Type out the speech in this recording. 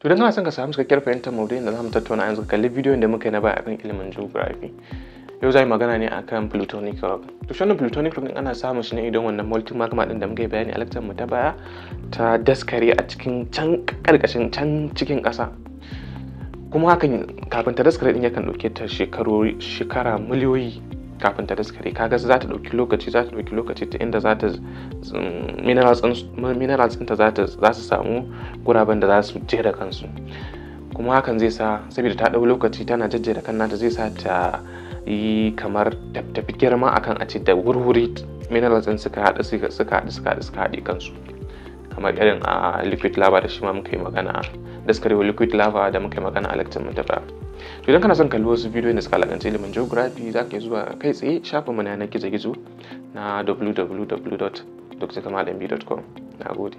to dan kana son ka samu cikakkiyar fahimtar maudu'in da zamu tattauna yanzu ka kalli bidiyon da muka yi na baya akan ilimin geography yau za magana ne akan plutonic rock to shi wannan plutonic rock ana samun shi ne idan wannan multi magma din da muka yi bayani a lecture mu ta baya ta daskare a cikin can karkashin can cikin ƙasa kuma hakan kafin ta daskare din yakan ɗauke ta shekaru shekara miliyoyi kafin ta daskare kaga za ta ɗauki lokaci za ta dauki lokaci ta inda za ta mm, minerals ɗinta za su samu guraben da za su jera kansu kuma hakan zai sa saboda ta ɗau lokaci tana jajjera kan nata zai sa ta yi kamar tafi girma akan a ce da wurwuri minerals ɗin suka haɗu suka haɗu suka haɗu suka haɗe kansu kamar irin a liquid lava da shi ma muka yi magana daskarewa liquid lava da muka yi magana a lecture mu ta to idan kana son kalli wasu bidiyo da suka alakanci ilimin geography za ka yi zuwa kai tsaye shafin mu na yanar gizo-gizo na www.drkamalmb.com na gode